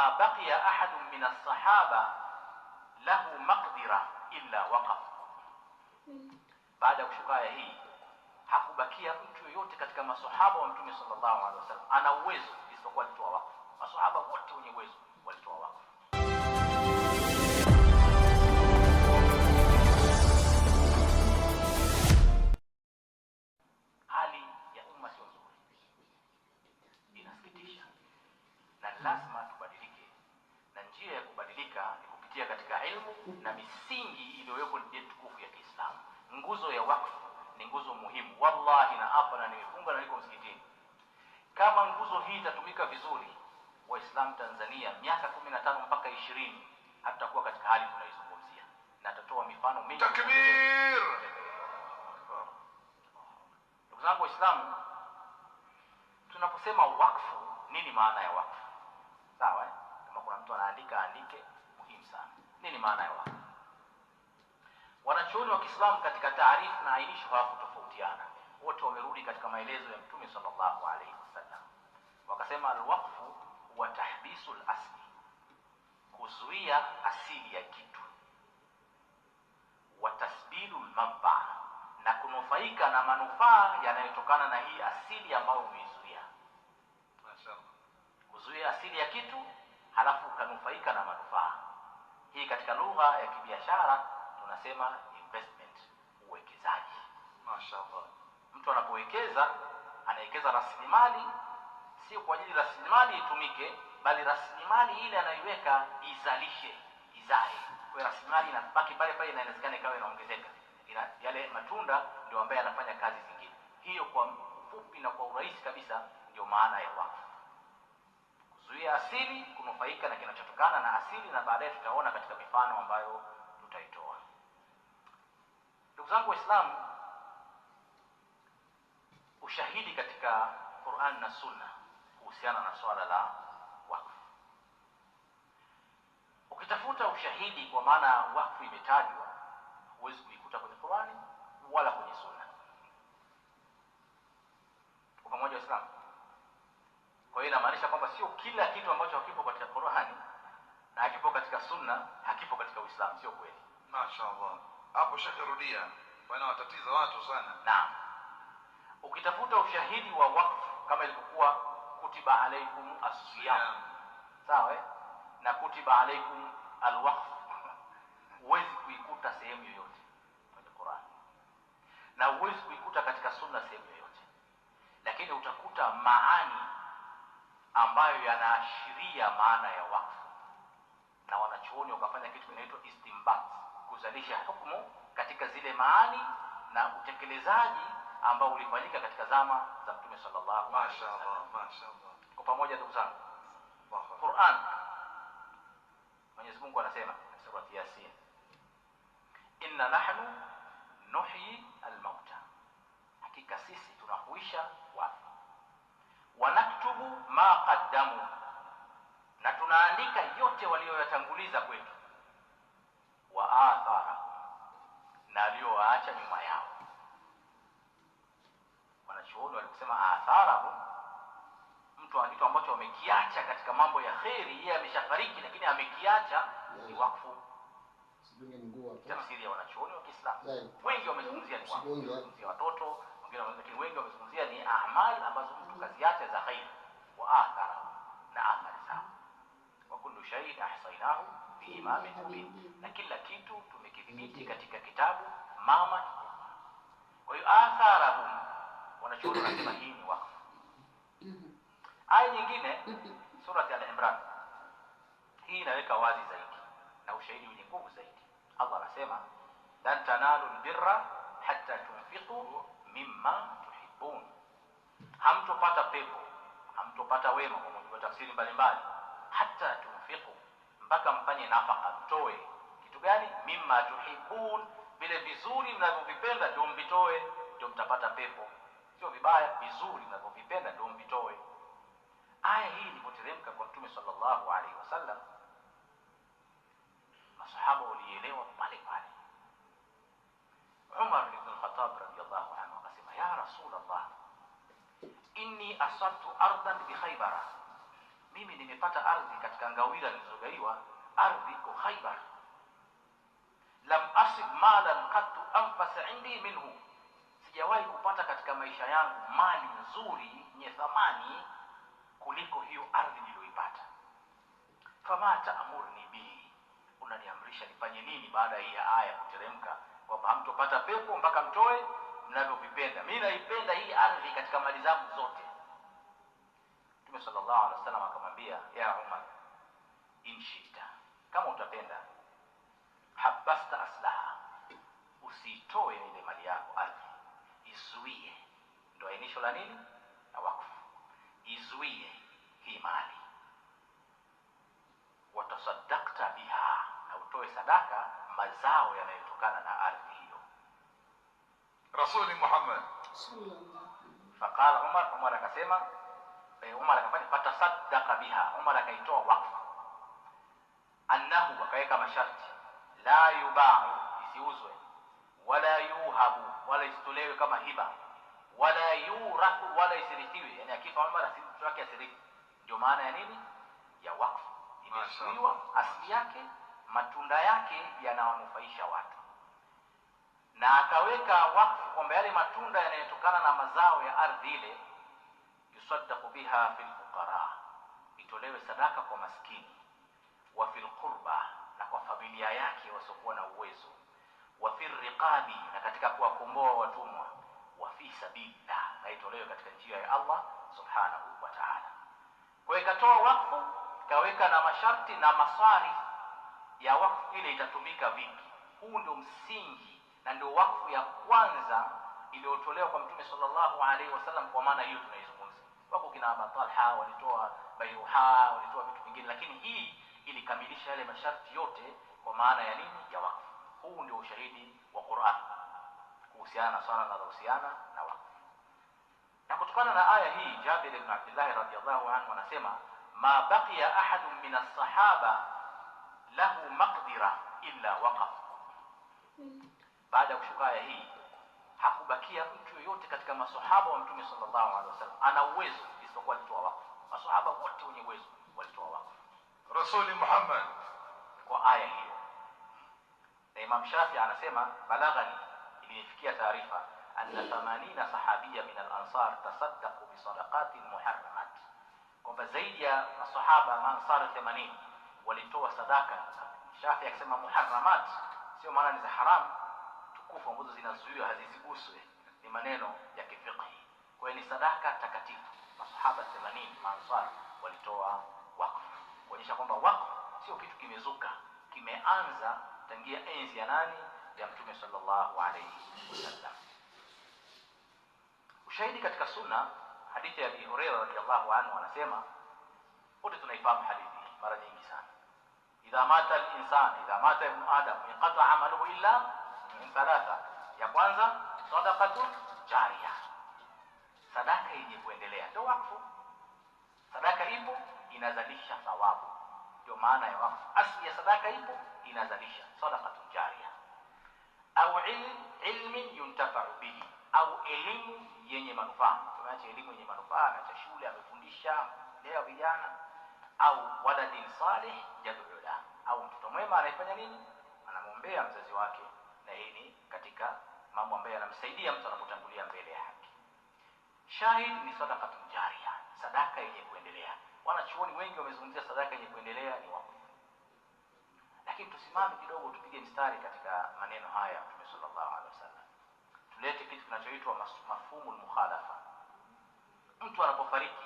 بقي أحد من الصحابة له مقدرة إلا وقف بعد أشكاية هي حق بكية أنتو يوتك كما صحابة ومتومي صلى الله عليه وسلم أنا ويز إسبقوا لتوا وقف الصحابة قلتوني ويز ولتوا وقف na misingi iliyowekwa ni dini tukufu ya Kiislamu. Nguzo ya wakfu ni nguzo muhimu. Wallahi na hapa na nimefunga na niko msikitini, kama nguzo hii itatumika vizuri, Waislamu Tanzania miaka kumi na tano mpaka ishirini hatutakuwa katika hali tunaizungumzia, na tatoa mifano mingi. Takbir! Ndugu zangu Waislamu, tunaposema wakfu, nini maana ya wakfu? Sawa, eh? kama kuna mtu anaandika aandike nini maana ya wahyi? Wanachuoni wa Kiislamu katika taarifu na ainisho hawakutofautiana, wote wamerudi katika maelezo ya Mtume sallallahu alaihi wasallam, wakasema alwaqfu wa tahbisu lasli, kuzuia asili ya kitu, wa tasbilu na kunufaika na manufaa yanayotokana na hii asili ambayo umeizuia. Kuzuia asili ya kitu halafu ukanufaika na manufaa hii katika lugha ya kibiashara tunasema investment, uwekezaji. Mashaallah, mtu anapowekeza anawekeza rasilimali, sio kwa ajili rasilimali itumike, bali rasilimali ile anaiweka izalishe, izae. Kwa hiyo rasilimali inabaki pale pale inawezekana ikawa inaongezeka, yale matunda ndio ambaye anafanya kazi zingine. Hiyo kwa ufupi na kwa urahisi kabisa ndio maana ya wakfu kuzuia asili kunufaika na kinachotokana na asili, na baadaye tutaona katika mifano ambayo tutaitoa. Ndugu zangu Waislamu, ushahidi katika Qur'an na Sunna kuhusiana na swala la wakfu, ukitafuta ushahidi kwa maana wakfu imetajwa, huwezi kuikuta kwenye Qur'ani wala kwenye Sunna. Kwa pamoja Waislamu? Kwa hiyo inamaanisha sio kila kitu ambacho hakipo katika Qur'ani na hakipo katika Sunna hakipo katika Uislamu, sio kweli. Mashaallah, hapo rudia, bwana, watatiza watu sana. Naam, ukitafuta ushahidi wa wakfu kama ilivyokuwa kutiba alaikum as-siyam sawa eh? na kutiba alaikum al huwezi kuikuta sehemu yoyote kwenye Qur'an. na huwezi kuikuta katika Sunna sehemu yoyote, lakini utakuta maani ambayo yanaashiria maana ya wakfu, na wanachuoni wakafanya kitu kinaitwa istinbat, kuzalisha hukumu katika zile maani na utekelezaji ambao ulifanyika katika zama za Mtume sallallahu alaihi wasallam. Kwa pamoja, ndugu zangu, Qur'an, Mwenyezi Mungu anasema katika surati Yasin, inna nahnu damu, na tunaandika yote walioyatanguliza kwetu, wa athara, na aliyowaacha nyuma yao. Wanachuoni walikusema atharahu, mtu ana kitu ambacho amekiacha katika mambo ya kheri, yeye ameshafariki, lakini amekiacha ni wakfu. Tafsiri ya wanachuoni wa Kiislamu wengi wamezungumzia ni wakfu, watoto lakini wengi wamezungumzia ni amali ambazo mtu kaziacha za kheri, wa athara kullu shay'in ahsaynahu bi imamin mubin, na kila kitu tumekidhibiti katika kitabu mama. Kwa hiyo atharahum, wanachuoni wanasema hii ni wakfu. Aya nyingine surati Al-Imran, hii inaweka wazi zaidi na ushahidi wenye nguvu zaidi. Allah anasema lan tanalu albirra hatta tunfiqu mimma tuhibbun, hamtopata pepo, hamtopata wema, kwa mujibu wa tafsiri mbalimbali hatta tunfiqu, mpaka mfanye nafaka, mtoe kitu gani? Mimma tuhibun, vile vizuri mnavyovipenda ndio mvitoe, ndio mtapata pepo. Sio vibaya, vizuri mnavyovipenda ndio mvitoe. Aya hii ilipoteremka kwa Mtume sallallahu alaihi wasallam, masahaba walielewa pale pale. Umar ibn al-Khattab radiyallahu anhu akasema, ya Rasulullah, inni asabtu ardan bi mimi nimepata ardhi katika ngawira nilizogaiwa, ardhi iko Khaibar. lam asib malan qattu anfasa indi minhu, sijawahi kupata katika maisha yangu mali nzuri yenye thamani kuliko hiyo ardhi niliyoipata. fama taamurni bihi, unaniamrisha nifanye nini? Baada ya hii aya kuteremka kwamba hamtopata pepo mpaka mtoe mnavyovipenda. Mimi naipenda hii ardhi katika mali zangu zote Mtume sallallahu alaihi wasallam akamwambia, ya Umar, inshita, kama utapenda, habasta aslaha, usiitoe ile mali yako ardhi, izuie. Ndio ainisho la nini na wakfu, izuie hii mali, watasadakta biha, na utoe sadaka mazao yanayotokana na ardhi hiyo. Rasuli Muhammad faqala Umar, Umar akasema e, eh, Umar akafanya fatasaddaqa biha, Umar akaitoa wakfu, annahu, akaweka masharti la yubau, isiuzwe wala yuhabu, wala isitolewe kama hiba, wala yurathu, wala isirithiwe. Yani akifa Umar mtoto wake asirithi. Ndio maana ya nini ya wakfu, imezuiwa asili yake, matunda yake yanawanufaisha watu na akaweka wakfu kwamba yale matunda yanayotokana na mazao ya ardhi ile yusaddaqu biha fil fuqara, itolewe sadaka kwa maskini, wa fil qurba, na kwa familia yake wasiokuwa na uwezo, wa fil riqabi, na katika kuwakomboa watumwa, wa fi sabilillah, na itolewe katika njia ya Allah subhanahu wa ta'ala. Kwa ikatoa wakfu ikaweka na masharti na maswarifu ya wakfu ile itatumika vipi. Huu ndio msingi na ndio wakfu ya kwanza iliyotolewa kwa Mtume sallallahu alaihi wasallam, kwa maana hiyo tunaizo kina Abatalha walitoa baiuha, walitoa vitu vingine, lakini hii ilikamilisha yale masharti yote kwa maana ya nini ya wakfu. Huu ndio ushahidi wa Qur'an kuhusiana na swala linalohusiana na wakfu. Na kutokana na aya hii, Jabir ibn Abdullah radhiyallahu anhu anasema ma baqiya ahadun min as-sahaba lahu maqdira illa waqaf. Baada ya kushuka aya hii hakubakia mtu yoyote katika masahaba wa Mtume sallallahu alaihi wasallam ana uwezo isipokuwa alitoa wakfu. Masahaba wote wenye uwezo walitoa wakfu Rasuli Muhammad kwa aya hiyo. Na Imam Shafi anasema balaghani, ilinifikia taarifa anna 80 sahabia min al-ansar tasaddaqu bi sadaqatin muharramat, kwamba zaidi ya masahaba maansar 80 walitoa sadaka. Shafi akisema muharramat, sio maana ni za haramu tukufu ambazo zinazuiwa haziziguswe, ni maneno ya kifiqhi. Kwa hiyo ni sadaka takatifu masahaba 80 maansari walitoa wakfu kuonyesha kwamba wakfu sio kitu kimezuka, kimeanza tangia enzi ya nani? Ya Mtume sallallahu alayhi wasallam. Ushahidi katika sunna, hadithi ya Abi Huraira anhu anasema, wote tunaifahamu hadithi mara nyingi sana, idha mata al-insan idha mata ibn adam inqata amaluhu illa min thalatha, ya kwanza sadaqatu jariya, sadaka yenye kuendelea inazalisha thawabu. Ndio maana ya wakfu. Asli ya sadaka ipo, inazalisha sadaqatun jariya au ilmin yuntafau bihi, au elimu yenye manufaa. Tunaacha elimu yenye manufaa, ameacha shule, amefundisha leo vijana, au waladin salih yad'u la, au mtoto mwema anayefanya nini? Anamwombea mzazi wake, na hii ni katika mambo ambayo yanamsaidia mtu anapotangulia mbele ya haki. Shahid ni sadaqatun jariya sadaka yenye kuendelea. Wanachuoni wengi wamezungumzia sadaka yenye kuendelea ni wakfu, lakini tusimame kidogo, tupige mstari katika maneno haya Mtume sallallahu alaihi wasallam, tulete kitu kinachoitwa mafhumu mukhalafa. Mtu anapofariki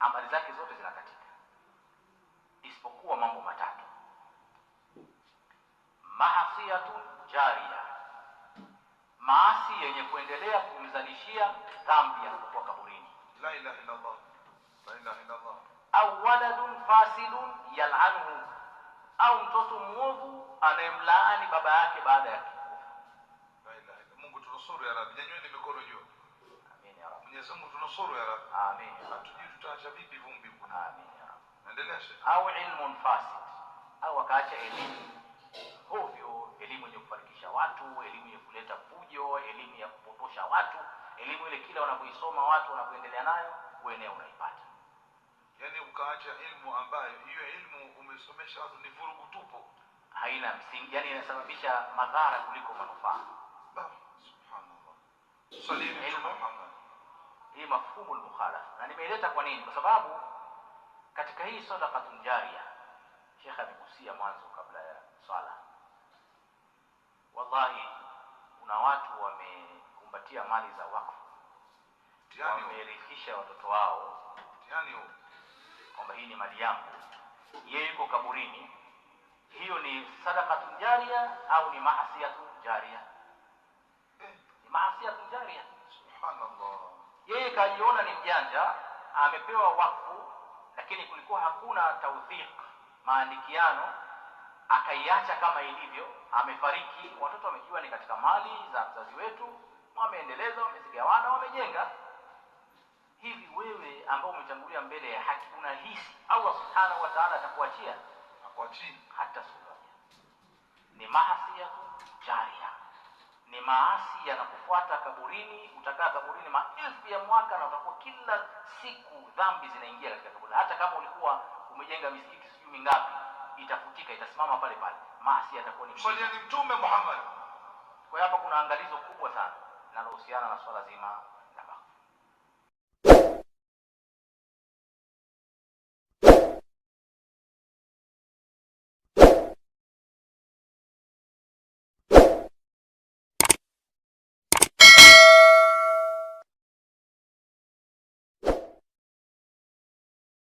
amali zake zote zinakatika isipokuwa mambo matatu: maasiyatun jaria maasi yenye kuendelea kumzalishia dhambi mtoto mwovu anayemlaani baba yake baada ya Au ilmun fasid. Au akaacha elimu. Hovyo, elimu yenye kufarikisha watu, elimu yenye kuleta fujo, elimu ya kupotosha watu, elimu ile kila wanapoisoma watu wanapoendelea nayo, wewe unaipata yani ukaacha ilmu ambayo hiyo ilmu umesomesha watu ni vurugu tupo, haina msingi, yani inasababisha madhara kuliko manufaa. Subhanallah, hii mafhumu al-mukhalafa, na nimeeleta kwa nini, kwa sababu katika hii sadaqatun jariya Sheikh amegusia mwanzo kabla ya swala. Wallahi, kuna watu wamekumbatia mali za wakfu, wamerithisha watoto wao Tiani kwamba hii ni mali yangu, yeye yuko kaburini, hiyo ni sadakatun jaria au ni maasiyatun jaria? Ni maasiyatun jaria. Subhanallah, yeye kajiona ni mjanja, amepewa wakfu, lakini kulikuwa hakuna tawthiq, maandikiano, akaiacha kama ilivyo. Amefariki, watoto wamejua ni katika mali za mzazi wetu, wameendeleza, wamezigawana, wamejenga hivi wewe ambao umetangulia mbele ya haki unahisi Allah subhanahu wa ta'ala atakuachia? Akuachii hata siku moja. Ni maasi ya jaria, ni maasi yanakufuata kaburini. Utakaa kaburini maelfu ya mwaka, na utakuwa kila siku dhambi zinaingia katika kaburi. Hata kama ulikuwa umejenga misikiti sijui mingapi, itafutika, itasimama pale pale, maasi yatakuwa ni mtume Muhammad. Kwa hiyo hapa kuna angalizo kubwa sana linalohusiana na swala zima